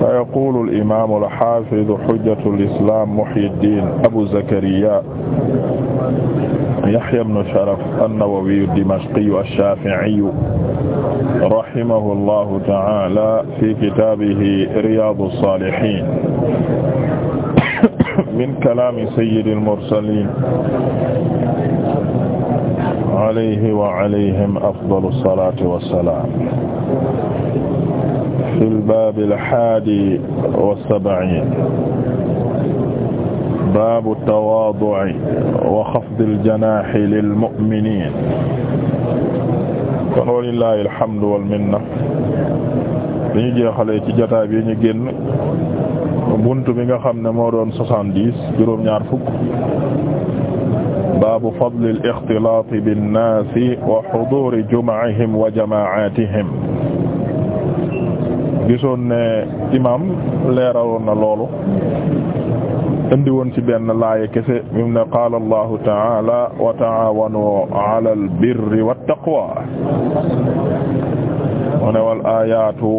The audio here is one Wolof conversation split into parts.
فيقول الإمام الحافظ حجة الإسلام محي الدين أبو زكريا يحيى بن شرف النووي الدمشقي الشافعي رحمه الله تعالى في كتابه رياض الصالحين من كلام سيد المرسلين عليه وعليهم أفضل الصلاة والسلام fi lbab alhaadi wasabain baabu tawaadu'i wa xafdi aljanaahi lilmuminin kon walillahi alhamdu walminna bi ñu jeexalee ci jotaay bi ñu génn bunt bi nga xam ne moo doon soixante-dix juróom-ñaar fukk baabu fadli al ixtilaati binnaasi wa xuduuri jumu'ihim wa jamaa'aatihim gisoon ne imaam leeraloon na loolu indi woon ci benn laaya kese mim ne qaala allahu taala wa taawanu ala al birri wat taqwa mu ne wal ayatu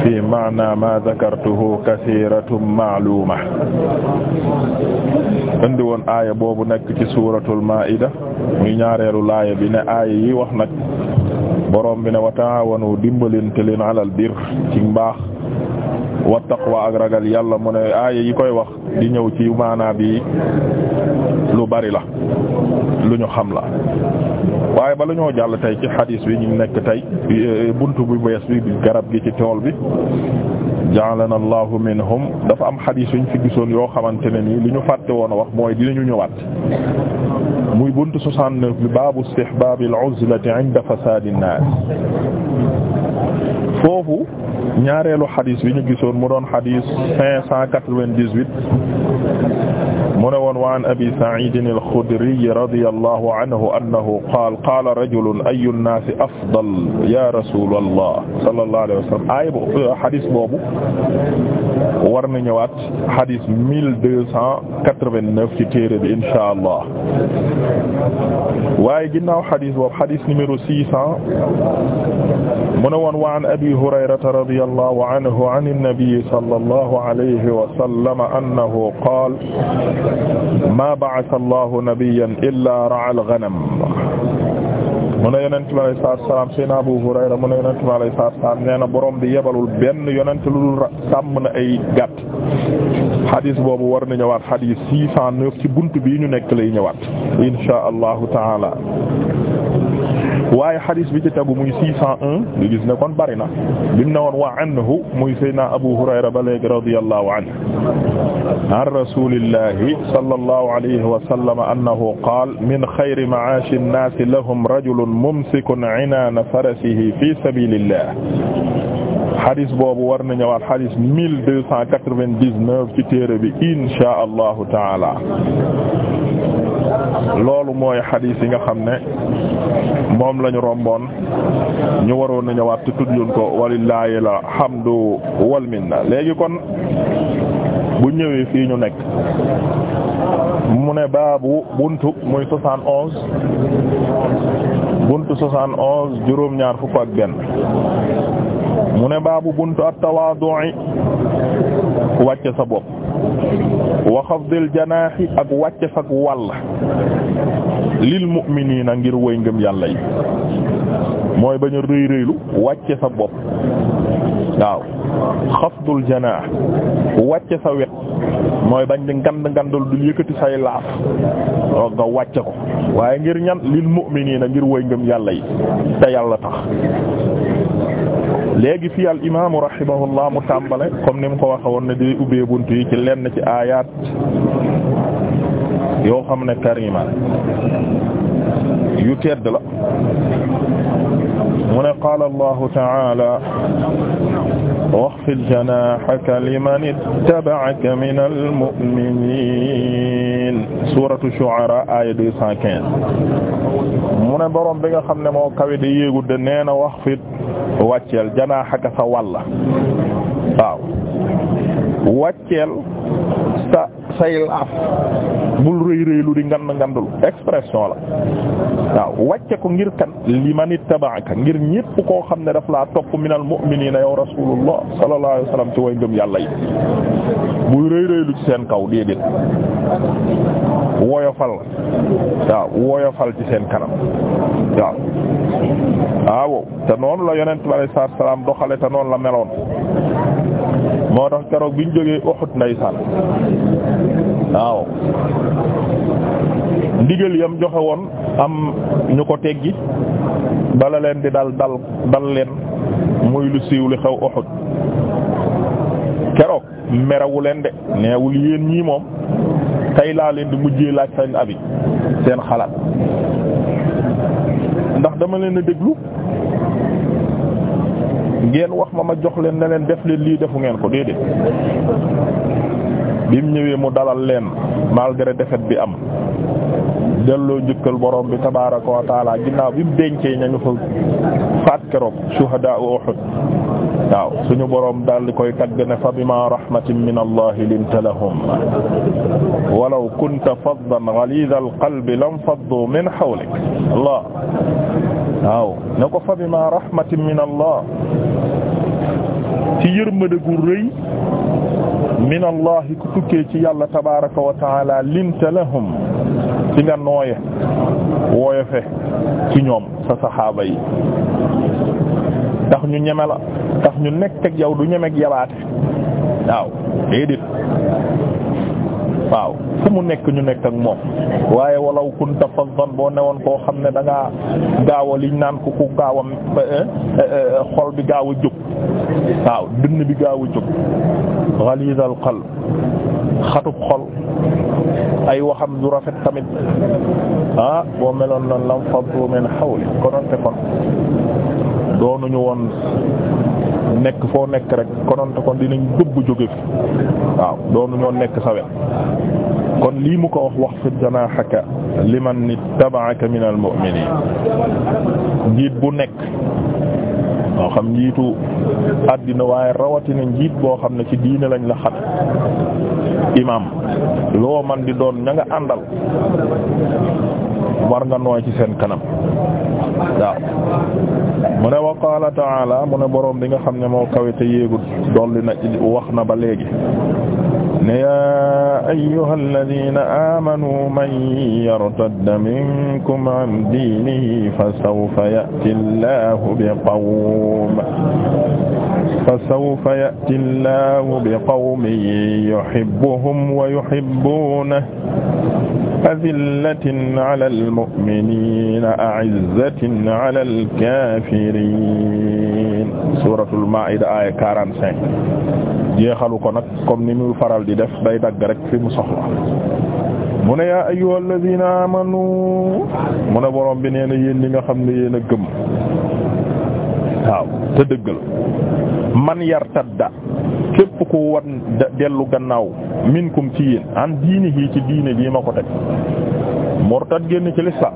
fi maana ma dakartuhu kasiratun maaluma indi woon aaya boobu nekk ci suratul maida muy ñaareelu laaya bi ne aaya yi wax nag borom bi ne wa taawanu dimbalante leen alal bir ci mbaax wa taqwa ak ragal yàlla mu ne aaya yi koy wax di ñëw ci maanaa bi lu bari la lu ñu xam la waaye bala ñoo jàll tey ci xadiis bi ñu nekk tey bunt bu bees bi garab gi ci tool bi ja'alana allahu minhum dafa am xadiis yuñ fi gisoon yoo xamante ne nii li ñu fàtte woon a wax mooy dinañu ñëwaat muy buntu 69 bi baabu istihbaab al-uzlati 'inda fasaad an-naas foofu ñaareelu xadis bi ñu gisoon mu doon xadis 598 mu ne woon wa an abi saidin alxudriy radi allahu anhu annahu qaal qaala rajulun ayu nnaasi afdal ya rasul allah sallallahu alayhi wa sallam aaya bo xadis boobu war na ñëwaat xadis mille deux cent quatre-vingt-neuf ci téere bi inshaa allah waaye ginnaaw xadis boobu xadis numéro six cent mu ne woon wa an abi hurayrata radi allahu anhu an annabi sallallahu alayhi wa sallam annahu qaal maa ba'atha Allahu nabiyyan illaa ra'al ghanam mu ne yonent bi alayhi salaatu wa salaam Seydina Abu Hurayra mu ne yonent bi alayhi salaatu wa salaam nee na borom bi yebalul benn yonent lu dul sàmm na ay gàtt xadis boobu war na ñëwaat xadis six cent neuf ci bunt bii ñu nekk lay ñëwaat inshaa Allahu taala waaye xadis bi ci tegu muy 601 nga gis ne kon bari na lim ne woon wa anhu muy Seydina Abu Hurayra ba léegi radiyallahu anhu an rasulillahi sallallahu alayhi wa sallam annahu qaal min xayri ma'aashi nnaasi lahum rajulun mumsikun inaana farasihi fi sabilillah xadis boobu war na ñëwaat xadis 1299 ci téere bi inshaa Allahu taala loolu mooy xadis yi nga xam ne moom lañu romboon ñu waroon na ñëwaat te tuddluñ ko walillahi alhamdu wal minna léegi kon bu ñëwee fii ñu nekk mu ne baabu buntu muy soixante onze buntu soixante onze juróom ñaar fukk ak benn mu ne baabu buntu at-tawaadu wàcce sa bopp wa xafdil janaaxi ak wàcce fak wàll lil mu'miniina ngir woy ngëm yàlla yi mooy bañ rëy rëylu wàcce sa bopp waaw xafdul janaax wàcce sa wet mooy bañ di ngand ngandal dul yëkkati say laaf nga wàcce ko waaye ngir ñan lil mu'miniina ngir woy ngëm yàlla yi te yàlla tax léegi fii al imaamu rahimahullah mu tàmbale comme ni mu ko waxe woon ne di ubbee bunt yi ci lenn ci aayaat yoo xam ne karima yu tedd la mu ne qaala allahu taala waxfid janaahaka liman ittaba'aka minal mu'miniin suuratu shu'araa aaya deux cent quinze mu ne boroom bi nga xam ne moo kawe de yéegu de nee na waxfid wàcceel janaaxaka sa wàlla waaw wàcceel sa say laaf bul rëy rëylu di ngand ngandul expression la waaw wàcce ko ngir kan liman ittaba'aka ngir ñépp koo xam ne daf laa topp minal mu'minina yow rasulullah sallallahu alayhi wasallam ci way ngëm yàlla yi buy rëy rëylu ci seen kaw déedéet woyofal waaw woyofal ci seen kanam waaw waaw te noonu la yonent bi salaam doxale te noonu la meloon moo tax keroog biñ jógee Uhud ndeysaan waaw ndigal yam joxe woon am ñu ko teggi bala leen di dal dal dal leen muy lu siiw li xew Uhud keroog merawu leen de neewul yéen ñii moom tey laa leen di mujje laaj seen abi seen xalaat ndax dama leen a déglu ngeen wax ma ma jox leen ne leen def leen lii defu ngeen ko déedéet bi mu ñëwee mu dalal leen malgré défaite bi am delloo njëkkal borom bi tabaaraka wa taala ginnaaw bi mu dencee ñañu fa faat keroog shuhadaa Uhud waaw suñu borom daal di koy tagg ne fa bima rahmatin min allah linta lahum walaw kunta faddan ghaliza alqalbi lam faddu min hawlik allah waaw ne ko fa bima rahmatin min allah ci yërmande gu rëy min allah ku tukkee ci yàlla tabaraka wa taala linta lahum ci nga nooye wooyofe ci ñoom sa saxaaba yi tax ñu ñeme la tax ñu nekk ak yow du ñemek yabaate waaw déedéet waaw fu mu nekk ñu nekk ak moom waaye walaw kunta faddan boo newoon koo xam ne da ngaa gaaw liñ naan ko ku gaaw a eh, eh, xol bi gaaw a jóg waaw dënn bi gaaw a jóg ghalizal qalb xatub xol ay waxam du rafet tamit ah boo meloon noonu lam faddu min hawli konoon te kon doonuñu woon nekk foo nekk rek konoon te kon dinañ dëbb waaw doonu ñoo nekk sa kon lii mu ko wax wax fi janaahaka liman ittaba'aka minal mu'miniin njiit bu nekk moo xam njiitu àddina waaye rawatina njiit boo xam ne ci diine lañ la xat imaam loo man di doon ña nga àndal war nga nooy ci seen kanam waaw mu ne wa qaala ta'ala mu ne boroom bi nga xam ne moo kawe te yéegul dolli na wax na ba léegi ne yaa ayyuha alladina aamanu man yartadda minkum an diinihi fa sawfa ya'ti allahu bi qawm fa sawfa ya'ti allahu bi qawmin yuhibbuhum wa yuhibbunahu adillatin ala almuminina aizzatin ala alkafirin suratul maida aya 45 jeexalu ko nag comme ni muy faral di def day dagg rek fi mu soxla mu ne yaa ayyuhal ladina amanu mu ne borom bi nee na yéen ñi nga xam ne yéen a gëm waaw te dëggal man yartadda képp ku wan dellu gannaaw minkum ci yéen an diini yi ci diine jii ma ko teg murtad génn ci lislaam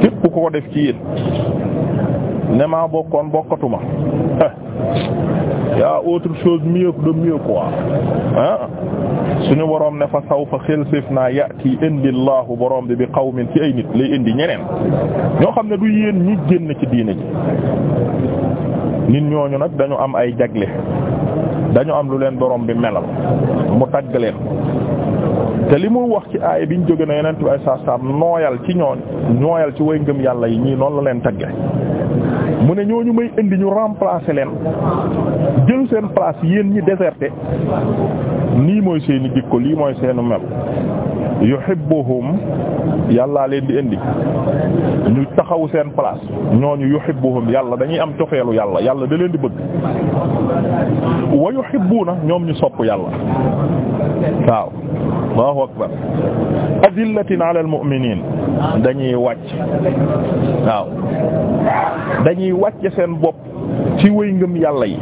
képp ku ko def ci yéen ne maa bokkoon bokkatuma eh, yaa autre chose mieux de mieux quoi ah suñu boroom ne fa saw fa xel séef naa yati indi laahu boroom bi bi qawmin ci ay nit lay indi ñeneen ñoo xam ne du yéen ñi génn ci diine ji nit ñooñu nag dañu am ay jagle dañu am lu leen borom bi melal mu tagg leen te li mu wax ci aaya biñ jóge na yeneen tubaab saa saa nooyal ci ñooñ nooyal ci way ngëm yàlla yi ñii noonu la leen tagge mu ne ñu may indi ñu remplacer leen jël seen place yéen ñi déserté nii mooy seeni jikko lii mooy seenu mel yuhibbuhum yàllaa leen di indi ñu taxaw seen place ñooñu yuhibbuhum yàlla dañuy am cofeelu yàlla yàlla da leen di bëgg wa yuhibbuna ñoom ñu sopp yàlla waaw allahu akbar adillatin ala almu'minin dañuy wàcc waaw dañuy wàcc seen bopp ci wëy ngëm yàlla yi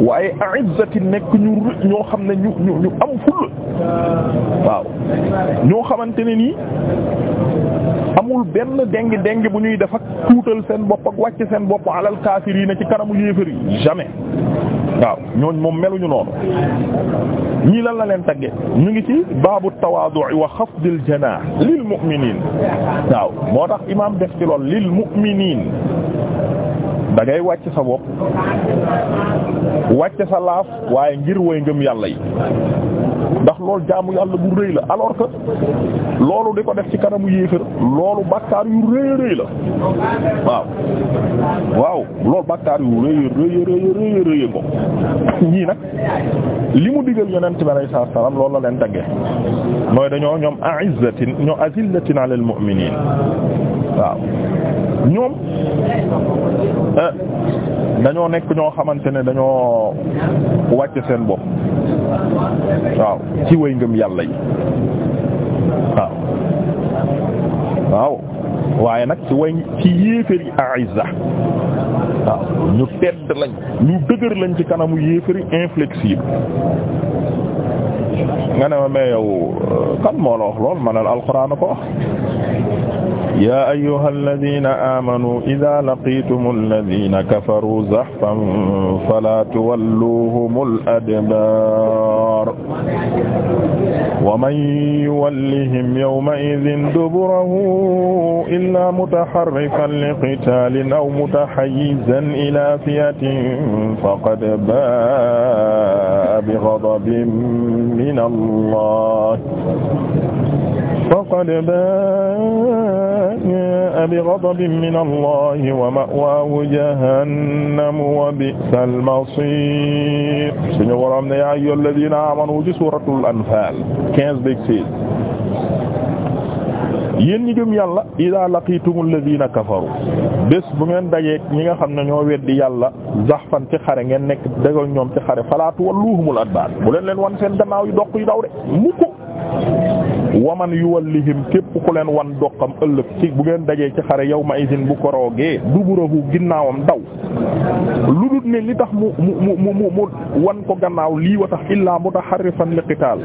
waaye a'izzati nekk ñu ñoo xam ne ñu ñu ñu am ful waaw ñoo xamante ne nii amul benn dengi dengi bu ñuy def ak tuutal seen bopp ak wàcc seen bopp alal kaafiriina ci kanamu yéefar yi jamais waaw ñooñ moom meluñu noonu ñii lan la leen tagge ñu ngi ci baabu tawaadu'i wa xafdil janaax lil mu'miniin waaw moo tax imaam def ci lool lil mu'miniin da ngay wàcc sa bopp wàcc sa laaf waaye ngir woy ngëm yàlla yi ndax loolu jaamu yàlla bu réy la alors que loolu de ko def ci kanamu yéefér loolu bàkkaar yu rëy rëy la waaw waaw loolu bàkkaar yu rëy rëy rëy rëy ko ñii nag li mu digal yonent bi alayhi salaatu wa salaam loolu la leen tagge mooy dañoo ñoom a'izzatin ñoo azillatin alal mu'miniin waaw ñoom eh, dañoo nekk ñoo xamante ne dañoo wàcc seen bopp waaw ci wëy ngëm yàlla waaw waaye nag ci way ci yéeféri aizza waaw ñu tedd lañ ñu dëgër lañ ci kanamu yéeféri inflexible nga ne ma mais yow euh, kan moo la wax lool ma ne la alxuraan ko yaa ayyuhal laziina aamanuu izaa laqiitumul laziina kafaruu zahfan falaa tuwalluuhumul adbaar wa man yuwallihim yawma'izin duburahu illaa mutaharrifan liqitaalin aw mutahayyizan ilaa fi'atin faqad baa'a bighadabin minallah faqad baa'a bighadabin min allahi wa ma'waahu jahannam wa bi'sal masiir suñu waroom ne yaa ayyuhal ladiina aamanu ci suuratul anfaal quinze beeg seize yéen ñi gëm yàlla idaa laqiitumul ladiina kafaru bés bu ngeen dajeek ñi nga xam ne ñoo weddi yàlla zahfan ci xare ngeen nekk dagal ñoom ci xare falaa tuwalluuhumul adbaar bu leen leen wan seen gannaaw yu doq yu daw de mukk waman yuwallihim képp ku leen wan doqam ëllëg ci bu ngeen dajee ci xare yawma izin bu koroogee duburahu ginnaawam daw lu dut ne li tax mu mu mu mu wan ko gannaaw lii wa tax illaa mutaharrifan li qitaal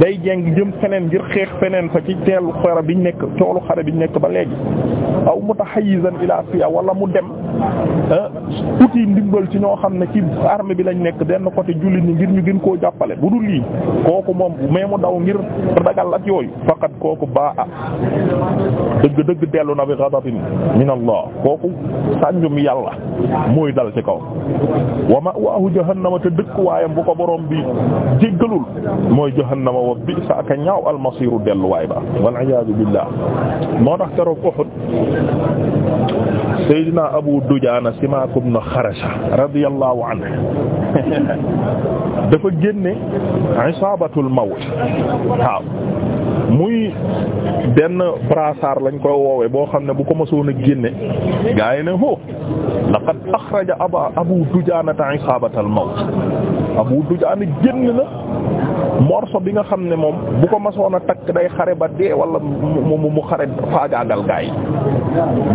day jeng jëm feneen ngir xeex feneen fa ci teelu xare biñ nekk coolu xare biñ nekk ba léegi aw mutahayyizan ilaa fi'a wala mu dem outil eh, ndimbal ci ñoo xam ne ci armée bi lañ nekk benn côté jullit ñi ngir ñu gën koo jàppale bu dul lii kooku moom mais mu daw ngir ragal ak yooyu faqat kooku baa a dëgg dëgg dellu na bi ghadabin min Allah kooku sànjum yàlla mooy dal ci kaw wa ma'waahu jahannama te dëkk waayam bu ko borom bi jéggalul mooy jahannama wa bi'sa ak ñaaw almasiiru delluwaay ba wal iyaadu billaah moo tax keroog Uhud Seydina Abu Dujaana Simaak ibn Xarasa radiyallahu anhu dafa génne isaabatul mawt waaw muy benn brassard lañ koy woowe boo xam ne bu ko mësoon génne gaa ne ho laqad axraja aba Abu Dujaanata isaabatal mawt Abu Dujaana génn na morso bi nga xam ne moom bu ko masoon a takk day xare ba dee wala mu mu xare faagaagal gaa yi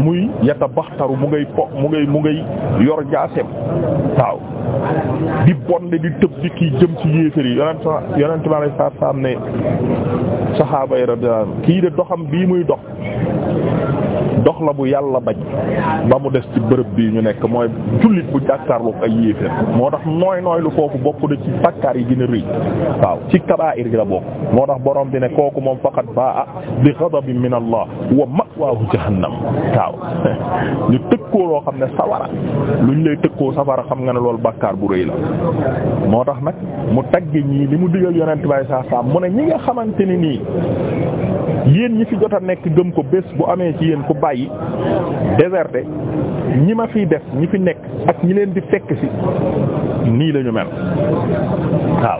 muy yata baxtaru mu ngay po mu ngay yor jaaseem waaw di bonde di tëb di kii jëm ci yéefér yi yonent yonent bi alei saatu ne sahaaba yi kii de doxam bii muy dox dox la bu yàlla bañ ba mu des ci bërëb bi ñu nekk mooy jullit bu jàkkaarloog ay yéeféer moo tax nooy nooy lu foofu bokk na ci bakkaar yi gën a rëy waaw ci kabaa'ir gi la bokk moo tax borom bi ne kooku moom faqat baa'a bi ghadabin min Allah wa ma'waahu jahannam waaw ñu tëkkoo loo xam ne sawara luñ lay tëkkoo safara xam nga ne loolu bakkaar bu rëy la moo tax nag mu tagge ñii li mu digal yonent bay saa saa mu ne ñi nga xamante ni nii yéen ñi bàyyi déserté ñi ma fiy des ñi fi nekk ak ñi leen di fekk ci nii lañu mel waaw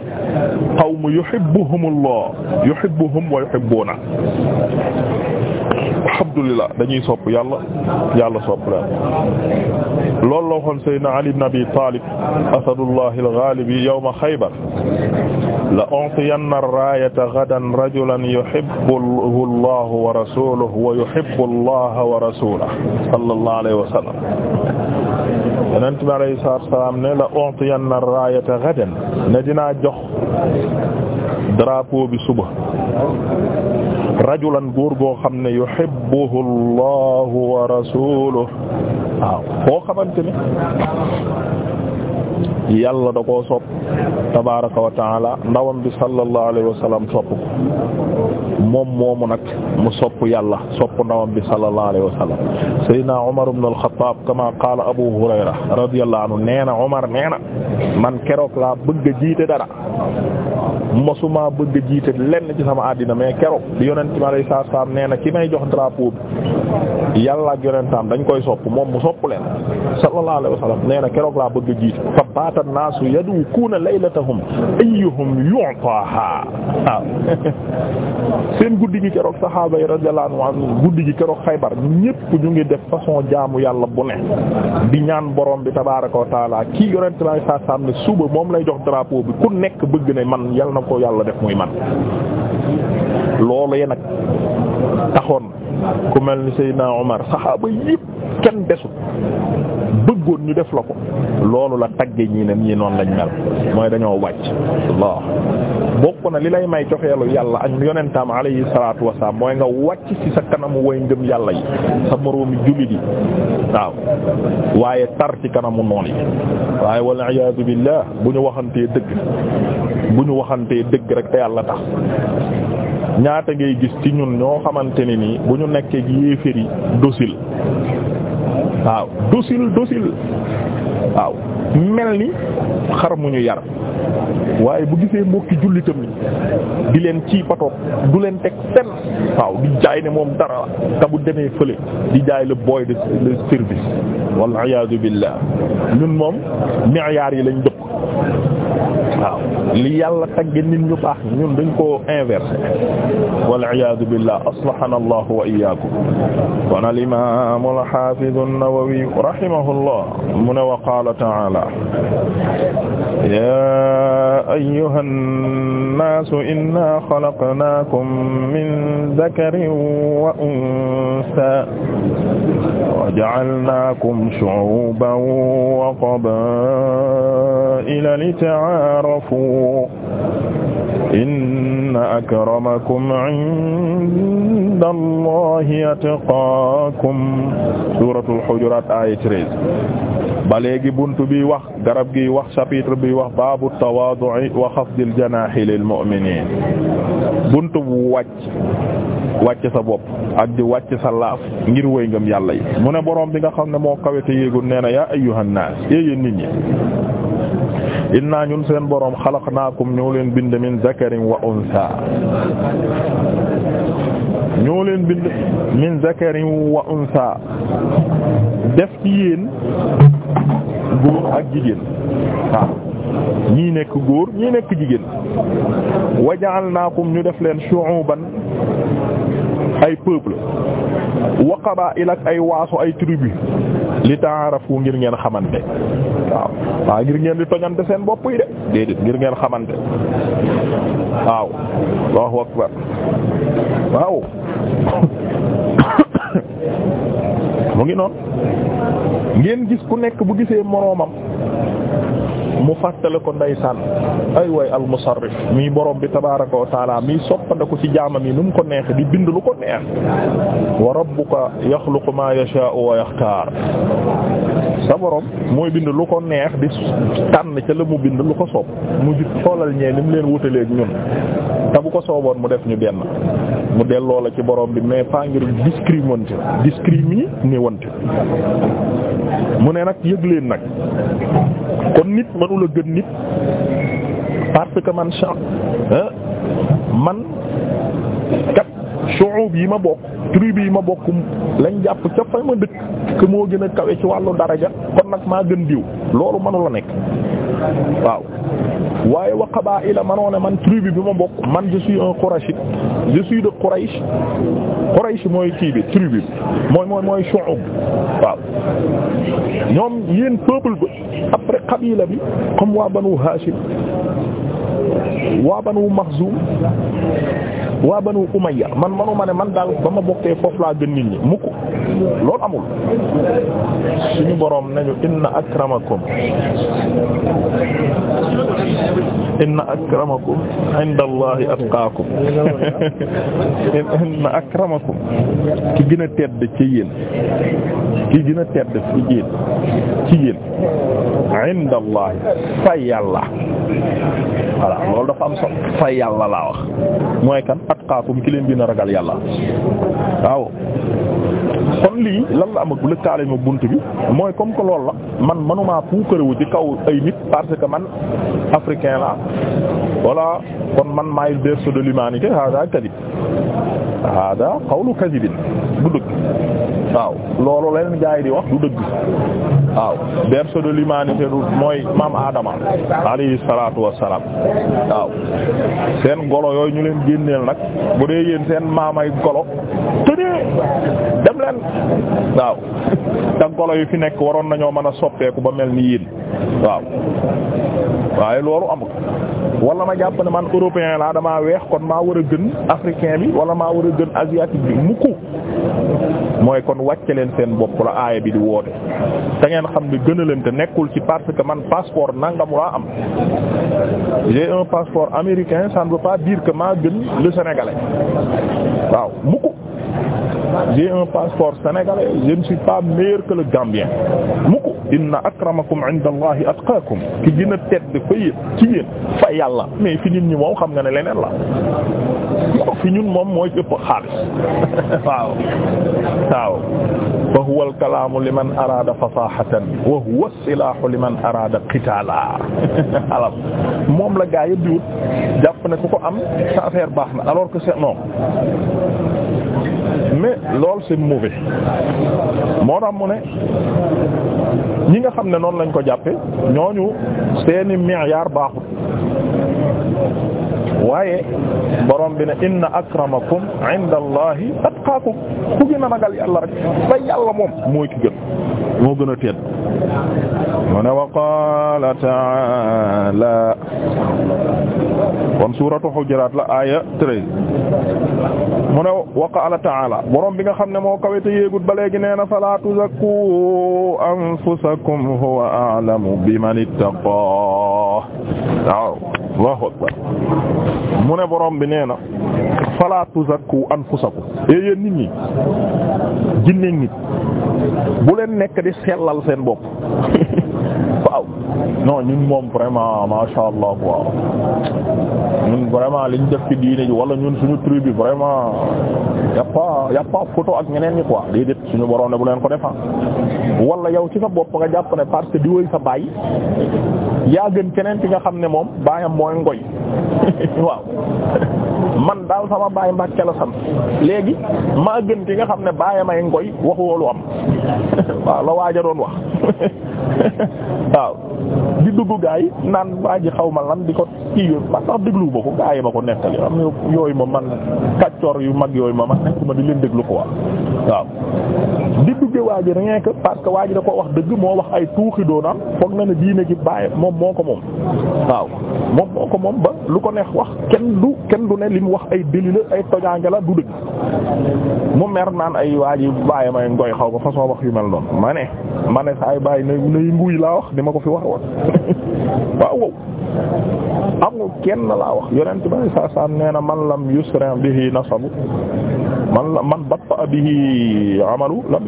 qawmu yuhibbuhumullah yuhibbuhum wa yuhibbuna alhamdulillah dañuy sopp yàlla yàlla sopp la loolu loo xoon saydna ali ibn abi talib asadullah alghalibi yawma xaybar la u'tiyanna ar-raayata ghadan rajulan yuhibbuhu allah wa rasuluhu wa yuhibbu allah wa rasuluhu sallallahu alayhi wa sallam yonent bi alayhi salaatu wa salaam ne la u'tiyanna ar-raayata ghadan ne dinaa jox drapeau bi suba rajulan góor goo xam ne yuhibbuhu allahu wa rasuluhu waaw koo xamante ne yàlla da koo sopp tabaraka wa taala ndawam bi sallallahu alayhi wa sallam sopp ko moom moomu nag mu sopp yàlla sopp ndawam bi sallallahu alayhi wa sallam sayyidina Umar ibn al-Khattab kama qaala Abu Hurayra radiyallahu anhu nee na Umar nee na man keroog laa bëgg a jiite dara mosuma bëgg a jiite lenn ci sama àddina mais keroog di yonent mi alayhi salaatu salaam nee na ki may jox drapeau bi yàlla ak yonentam dañ koy sopp moom mu sopp leen sallallahu alayhi wa sallam nee na keroog laa bëgg a jiite fa baata naasu yadukuuna yabtaghuna laylatahum ayyuhum yu'taha waaw seen guddi gi keroog saxaaba yi radiyallahu anhum guddi gi keroog Xaybar ñépp ñu ngi def façon jaamu yàlla bu ne di ñaan borom bi tabaaraka wa kii yonent bi saa saam ne suba moom lay jox drapeau bi ku nekk bëgg ne man yal na ko yàlla def muy man loolu yéen nag taxoon ku mel ni Seydina Omar saxaaba yépp kenn desul bëggoon ñu def la ko loolu la tagge ñii ne ñii noonu lañ mel mooy dañoo wàcc Allah bokk na li lay may cofeelu yàlla ak yonentam alayhi salaatu wasalaam mooy nga wàcc ci sa kanamu way ngëm yàlla yi sa moroomi jullit yi waaw waaye tar ci kanamu noon yi waaye wal iyaadu billah bu ñu waxantee dëgg bu ñu waxantee dëgg rek te yàlla tax ñaata ngay gis ci ñun ñoo xamante ne nii bu ñu nekkee gi yéeféri dosil waaw docile docile waaw mel ni xar mu ñu yar waaye bu gisee mbokki jullitam ni di leen ci patoog du leen teg fenn waaw di jaay ne moom dara te demee fële di jaay la boy de service wal iyaadu billah ñun moom miyaar yi lañ dëpp waaw li yàlla tagge nit ñu baax ñun dañ koo inversé wal iyaadu billah aslahana allah wa iyyakum kon al imam al hafiz an-nawawi rahimahullah mu ne wa qala ta'ala ya ayyuha an-nas inna khalaqnakum min dhakarin wa untha wa ja'alnakum shu'uban wa qaba'ila ta'aarafu inna akramakum inda Allahi atqaakum suuratul Hujuraat aaya 13 ba léegi bunt bi wax garab gi wax chapitre bi wax baabu tawaadu'i wa xafdil janaahi lil mu'miniin bunt bu wàcc wàcc sa bopp ak di wàcc sa laaf ngir wéy ngëm yàlla yi mu ne boroom bi nga xam ne moo kawe te yéegul nee na yaa ayyuhan naas yéen nit ñi inna ñun seen borom xalaqnaakum ñoo leen bind min zakarin wa unsa ñoo leen bind min zakarin wa unsa def ci yéen góor ak jigéen waaw ñii nekk góor ñi nekk jigéen wa ja'alnaakum ñu def leen shu'uban ay peuple wa qaba'il ay waaso ay tribu li ta'arafu ngir ngeen xamante waaw waaw ngir ngeen di toñante seen bopp de déedéet ngir ngeen xamante waaw Allahu akbar waaw mu ngi noon ngeen gis ku nekk bu gisee moroomam mu fàttale ko ndeysaan ay way al musarrif mii borom bi tabaaraka wa taala mii soppandeku ci jaamam yi nu mu ko neexe di bind lu ko neex wa rabbuka yaxluqu ma yashaa'u wa yaxtaar sa borom mooy bind lu ko neex di tànn ca la mu bind lu ko soob mu jut xoolal ñee ni leen wutaleeg ñun te bu ko sooboon mu def ñu benn mu delloo la ci borom bi mais pas ngir discriminante discriminante mu ne nag yëg leen nag kon nit mënula gën nit parce que man ah man shu'ub yi ma bokk tribu yi ma bokk lañ jàpp ca fa ma dëkk que moo gën a kawe ci wàllu daraja kon nag maa gën diw loolu mënu la nekk waaw waaye wa qabaa'ila manoo man tribu bi ma bokk man je suis un qurashite je suis de Quraysh mooy kii bi tribu bi mooy mooy mooy shu'ub waaw ñoom yéen peuple ba après qabila bi comme waa wu Hashim waa banu Makhzum waa banu umayya man manuma ne man daal ba ma bokkee foofu laa gën nit ñi mukk loolu amul suñu boroom nañu inna akramakum inna akramakum ki gën tedd ci yéen ki gën tedd ci yéen ci yéen inda allahi fa yàlla voilà loolu dafa am solo yàlla laa wax mooy kan atqaakum ki leen dina ragal yàlla waaw kon lii lan la am ak lëkkaale ma bunt bi mooy comme que loolu la man manuma puukarewu ci kaw ay nit parce que man africain la voilà kon man maay berceau de l'humanité hada kadib hada qawlu kadibin bu dëgg waaw loolu leen jaay di wax du dëgg waaw berceau de l'humanité du mooy maam aadama alayhi salaatu wassalaam waaw seen golo yooyu ñu leen génneel nag bu dee yéen seen ay golo tëddee dem leen waaw te golo yu fi nekk waroon nañoo mën a soppeeku ba mel ni yéen waaw waaye loolu amul wala ma jàpp ne man européen laa dama weex kon maa war a gën africain bi wala maa war a gën asiatique bi mukk mooy kon wàcce leen seen bopp la aaya bi di woote te ngeen xam ne gënalante nekkul ci parce que man passeport nangam laa am j'ai un passeport américain ça ne veut pas dire que maa gën le sénégalais waaw mukk j'ai un passeport sénégalais je ne suis pas meilleur que le gambien mukk inna akramakum inda allahi atqaakum ki gën a tedd fa yéen ci yéen fa yàlla mais fi nit ñi moom xam nga ne leneen la moo fi ñun moom mooy ëpp xaalis waaw waaw fa huwa alkalaamu liman araada fasahatan wa huwa as-silaahu liman araada qitaala alam moom la gaa yëpp di wut jàpp ne ku ko am sa affaire baax na alors que c'est non mais loolu c'est mauvais moo tax ne ñi nga xam ne noonu lañ ko jàppe ñooñu seeni miyaar baaxut waaye borom bi ne inna akramakum inda allahi atqaakum ku gën a ragal yàlla rek ba yàlla moom mooy ki gën moo gën a tedd mu ne wa qaala ta'aala kon suuratu Hujuraat la aaya treize mu ne wa qaala ta'aala borom bi nga xam ne moo kawe te yéegut ba léegi nee na falaa tuzakkuu anfusakum huwa a'lamu biman ittaqaa waaw Allahu akbar mu ne borom bi nee na falaa ñi jinne nit bu leen nekk di sellal seen bopp waaw non ñun moom vraiment masha Allah waaw ñun vraiment lañ def ci diine ji wala ñun suñu tribu vraiment y a pas photo ak ñeneen ñi quoi déedéet suñu borom ne bu leen ko defa ah. wala yow ci sa bopp nga jàpp parce que di woy sa baay yaa gën keneen ki nga xam ne moom baayam mooy ngoy waaw man daal sama baay Mbàkke la léegi maa gën ki nga xam ne baayam ay ngoy waxu woolu am waaw la waaja doon wax waaw di dugg gaa yi naan waa ji xaw ma lan di ko kii yooyu man sax déglu ko gaa yi ma ko nettali am yooyu ma man kàccoor yu mag yooyu ma man nekkuma di leen déglu ko waaw di dugge waa ji rien que parce que waa da ko wax dëgg moo wax ay tuuxi doonam foog na ne diine gi bàyyi moom moo ko moom waaw moom moo ko moom ba lu ko neex wax kenn du kenn du ne li mu wax ay déli ay tojaange la du dëgg mu mer naan ay waa ji bàyyi may ngoy xaw ba façon wax yu mel noonu ma ne ma ne saay bàyyi na nguy laa wax ni ma ko fi waxe woon waaw wow amul kenn laa wax yonent ba saa saa nee na man lam yusra bihi nasabu man man batta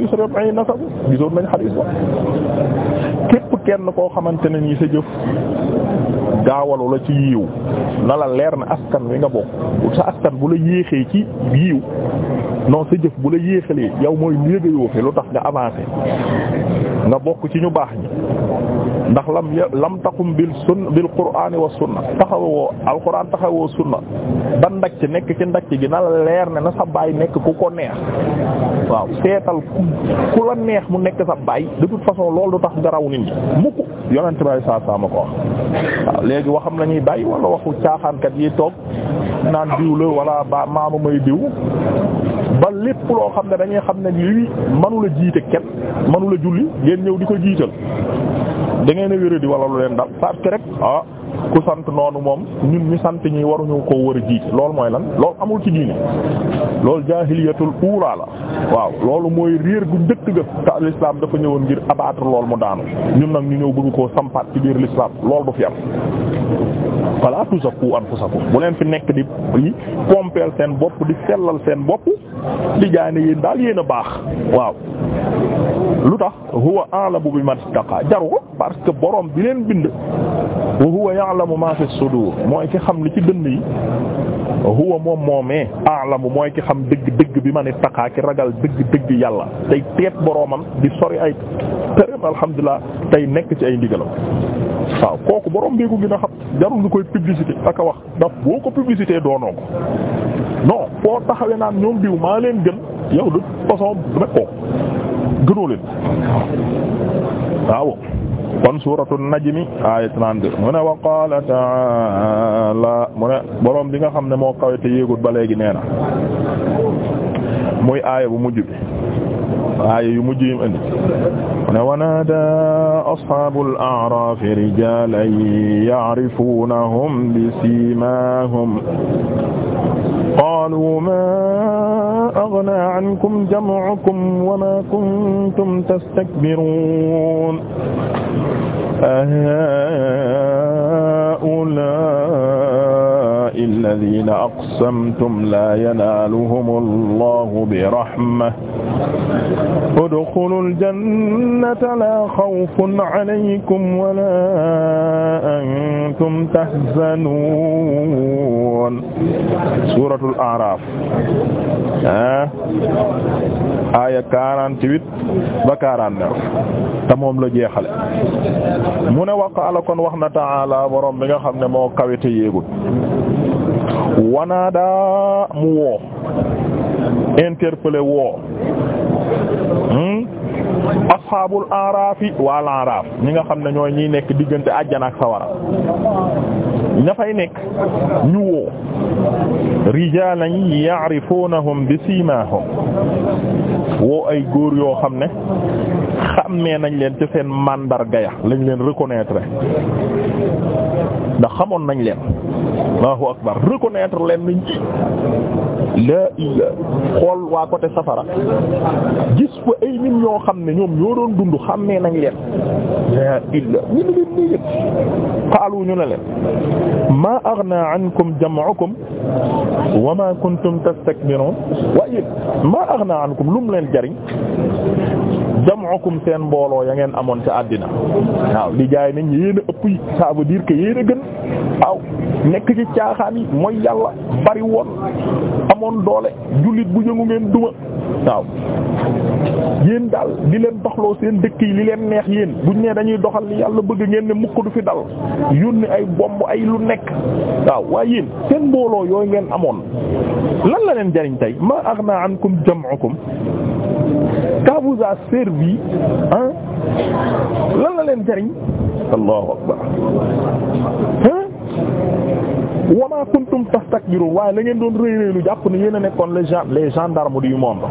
hadis rafet nasabu gisoon nañ hadis ba képp kenn koo xamante ne nii sa jëf gaawalu la ci yiiw na la leer na askan wi nga bokk sa askan bu la yéexee ci yiw non sa jëf bu la yéexalee yow mooy léegayoo fi lu tax nga avancé nga bokk ci ñu baax ñi ndax lam lam taqum bil sunna bil qur'aani wa sunna taxawoo alquran taxawoo sunna ba ndacc nekk ci ndacc gi na la leer ne na sa baay nekk ku ko neex waaw seetal ku la neex mu nekk sa baay de toute façon loolu du tax nga raw nit ñi mukk yonent baay saa saa ma ko wax waaw léegi waxam la ñuy bàyyi wala waxu caaxaankat yi toog naan diw la wala ba maama may diw ba lépp loo xam ne dañuy xam ne lii mënula jiite kenn mënula julli ngeen ñëw di ko jiital da ngeen a wéradi wala lu leen dal parce que ah ku sant noonu moom ñun ñu sant ñi waruñu ko war a jiit loolu mooy lan loolu amul ci diine loolu jaahiliyatul uulaa la waaw loolu mooy réer gu njëkk ga te l'islam dafa ñëwoon ngir abattre loolu mu daanu ñun nag ñu ñëw bëgg koo sampaat ci biir l'islam loolu du fi am fala tuzakku anfusakum bu leen fi nekk di pompeel seen bopp di sellal seen bopp di jaay daal yéen a baax waaw lu tax huwa a'lamu biman ittaqa jaru ko parce que boroom bi leen bind wa huwa ya'lamu ma fi sudur mooy ki xam li ci dënn yi huwa moom moomee a'lamu mooy ki xam dëgg dëgg bi man ittaqa ki ragal dëgg dëgg yàlla tey teet boromam di sori ay tërëm alhamdulilah tey nekk ci ay ndigalam waaw kooku borom beeku gi na xam jarul nga koy publicité ak a wax ndax boo ko publicité doonoo ko non foo taxawee naan ñoom diw maa leen gën yow de façon rek kooku gënoo leen waaw kon suuratu najmi aaya 32 mu ne wa qaala ta'aala mu ne borom bi nga xam ne moo kawe te yéegul ba léegi nee na muy aaya bu mujj bi aaya yu mujj yim andi ne wanaada ashaabul a'raaf rijaalan ya'rifuunahum bisiimaahum qaaluu maa aghnaa ankum jam'ukum wa maa kuntum tastakbiruun ahaa'ulaa alladina aqsamtum la yanaaluhum allahu birahma udxulu aljannata la xawfun alaykum wala antum tahzanuun suratu al-A'raf ah aya 48 ba 49 te moom la jeexale mu ne waqaala kon wax na ta'ala borom bi nga xam ne moo kawite yéegul wanaada mu woo interpellé woo hmm? asxaabul aaraafi wal aaraaf ñi nga xam ne ñooy ñiy nekk diggante àjjana ak sawara ña nekk ñu woo rijaalan ya'rifunahum bi siimaahum woo ay góor yoo xam ne xàmmee nañ leen ci seen mandarga ya lañ leen reconnaître ndax xamoon nañ leen Allahu akbar reconnaître leen nañ ci la xool waa côté safara gis fa ay nit ñoo xam ne ñoom ñoo doon dund xàmmee nañ leen la illa ñu ne leen nii yëpp xaalu ñu ne leen ma aghna ankum jam'ukum wa ma kuntum tastakbirun waaye ma aghna ankum lu mu leen jariñ jam'ukum seen mbooloo ya ngeen amoon ca àddina waaw li nañ yéen a ëpp yi ça veut dire que yéen a gën waaw nekk ci caaxaan yi mooy yàlla bari woon amoon doole jullit bu yëngu ngeen duma waaw yéen daal di leen doxloo seen dëkk yi li leen neex yéen buñ ne dañuy doxal li yàlla bëgg ngeen ne mukk du fi dal yónni ay bomb ay lu nekk waaw waaye yéen seen mbooloo yooyu ngeen amoon lan la leen jariñ tey ma aghna ankum jam'ukum quand vous a servi hein lan la leen jariñ allahu akbar hein wama kuntum tastakbirun waaye la ngeen doon rëy rëylu jàpp ne yéen a nekkoon les gens les gendarmes du monde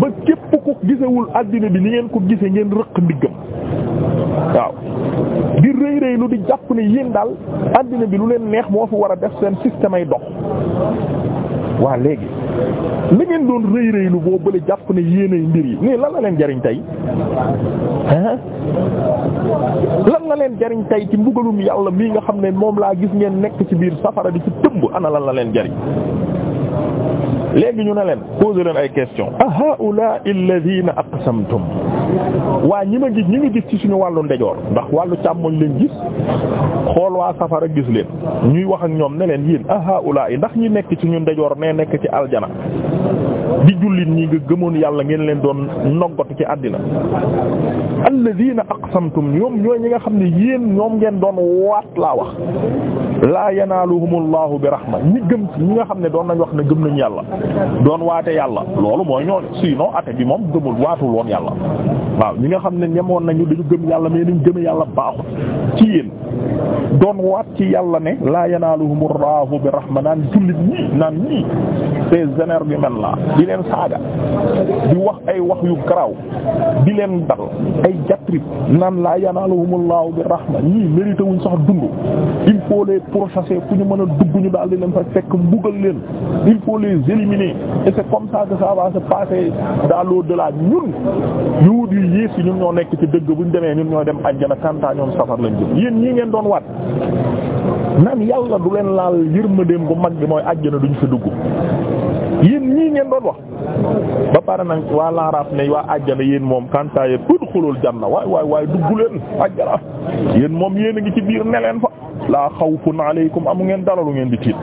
ba képp ku gisewul addina bi ni ngeen ko gise ngeen rëq ndiggam waaw di rëy rëylu di jàpp ne yéen daal àddina bi lu leen neex moo fi war a def seen système ay dox waa léegi li ngeen doon rëy rëylu boo bële jàpp ne yéenay mbir yi nii lan la leen jariñ tey ah lan la leen jariñ tey ci mbugalum yàlla mii nga xam ne moom laa gis ngeen nekk ci biir safara di ci tëmb ana lan la leen jariñ léegi ñu ne leen poser leen ay question a haula alladhina aqsamtum waa ñi ma gis ñi ngi gis ci suñu wàllu ndejoor ndax wàllu càmmoñ leen gis xool waa safara gis leen ñuy wax ak ñoom ne leen yéen a haula yi ndax ñi nekk ci ñu ndejoor ne nekk ci aljana di jullit ñi nga gëmoon yàlla ngeen leen doon noggatu ci àddina alladhina aqsamtum ñoom ñooy ñi nga xam ne yéen ñoom ngeen doon waat laa wax laa yanaaluhumullahu bi rahma ñi gëm ñi nga xam ne doon nañu wax ne gëm nañ yàlla doon waate yàlla loolu mooy ñooñu sinon ate bi moom gëmul waatul yàlla waaw ñi nga xam ne ñemoon nañu dañu gëm yàlla mais nañ gëm yàlla baaxut ci yéen doon waat ci yàlla ne laa yanaaluhumu raahu bi rahma naan jullit ñii naan ñii ces énergumènes laa di leen saaga di wax ay wax yu garaaw di leen dal ay jatrib naan laa yanaaluhumu raahu bi rahma ñii mérité wuñ sax dund il faut les pourchasser fu ñu mën a dugg ñu daal di leen fa fekk mbugal leen il faut les éliminer et c'est comme ça que ça va se passer dans l'au-delà ñun yuut yu yées yi ñun ñoo nekk ci dëgg bu ñu demee ñun ñoo dem àjjana kanta ñoom ñëwaat naan yàlla du leen laal yërmandeem bu mag gi mooy àjjana duñ fa dugg yéen ñii ngeen doon wax ba pare nag waa laaraaf ne waa àjjana yéen moom kantaa yéen udxulul janna waay waay waay dugg leen àjjana yéen moom yéen a ngi ci biir ne leen fa laa xaw xawfun alaykum amu ngeen dalalu ngeen di tiit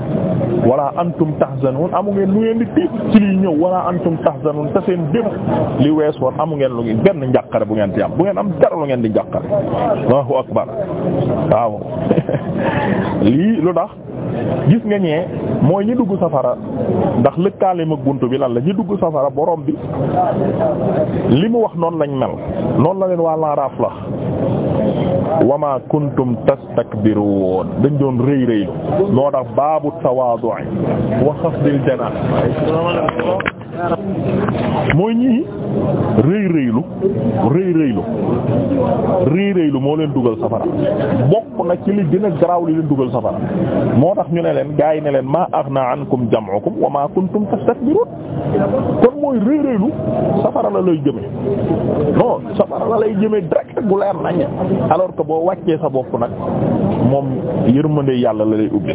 wala antum tahzanun amu ngeen lu ngeen di tiit ci liy ñëw wala antum tahzanun te seen démb li wees woon amu ngeen lu ngeen benn njàqare bu ngeen di am bu ngeen am dara lu ngeen di njàqare allahu akbar waaw lii lu tax gis nga ñee mooy ñi dugg safara ndax lëkkaale mag bunt bi lan la ñi dugg safara boroom bi li mu wax noon lañ mel noonu la leen waa laaraaf la wama kuntum tastakbiruun dañ doon rëy rëylu moo tax baabu tawaadu wa xafdil janaax mooy ñii rëy rëylu rëy rëylu rëy rëylu moo leen dugal safara bokk na ci li gën a garaaw li leen dugal safara moo tax ñu ne leen gaa yi ne leen maa aghna ankum jam'ukum wa maa kuntum tastakbirun kon mooy rëy rëylu safara la lay jëme non safara la lay jëme direct bu leer nañ alors que boo wàccee sa bopp nag moom yërmande yàlla la lay ubbi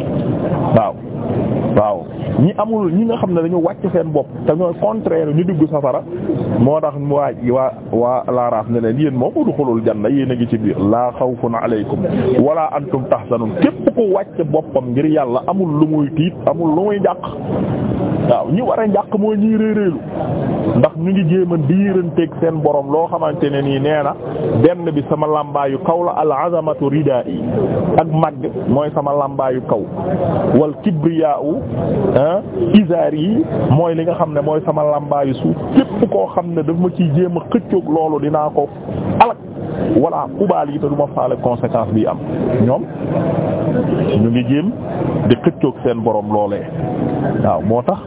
waaw waaw ñi amul ñi nga xam ne dañu wàcc seen bopp te ñooy contraire ñu dugg safara moo tax waa waa waa laaraaf ne leen yéen moom udxulul janna yéen a ngi ci biir laa xaw xawfun alaykum wala antum tahzanun képp ku wàcc boppam ngir yàlla amul lu muy tiit amul lu muy njàq waaw ñi war a njàq mooy ñi réeréelu ndax ñu ngi jéem a diiranteeg seen boroom loo xamante ne nii nee na benn bi sama lambaayu kaw la al azamatu ridaa yi ak màgg mooy sama lambaayu kaw wal kibriyaa'u ah, izaar yi mooy li nga xam ne mooy sama lambaayu suuf képp koo xam ne daf ma ci jéem a xëccoog loolu dinaa ko alak walla ubaal yi te du faale conséquence bi am ñoom ñu ngi jéem di xëccoog seen boroom loolee waaw moo tax.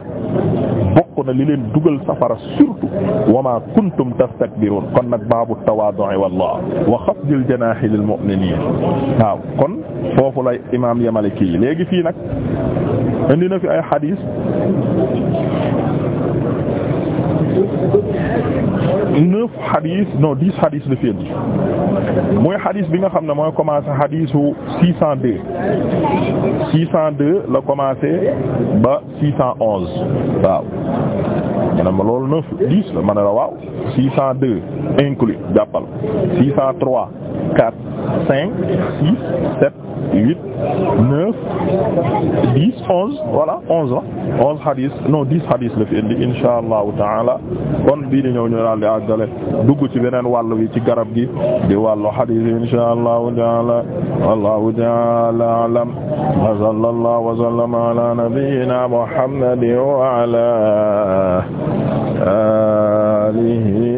bokk na li leen dugal safara surtout wama kuntum tastakbirun kon nag baabu tawaadu' wallah wa xafdil janaahi lil mu'miniin waaw kon foofu lay imaam yamale kii léegi fii nag indi na fi ay xadiis neuf xadiis non dix xadiis la fi indi mooy xadiis bi nga xam ne mooy commencé xadiisu six cent deux six cent deux la commencé ba six cent onze waaw ma ne ma loolu neuf dix la ma ne la waaw six cent deux inclus jàppal six cent trois quatre cinq six sept huit neuf dix onze voilà onze la onze hadis non dix hadis la fi indi insha allahu taala kon bii di ñëw ñu daal di àggale dugg ci beneen wàll wi ci garab gi di wàllu hadis yi insha allahu taala wallahu taala alam wa sallallahu wa sallama ala nabiyyina muhammadin wa ala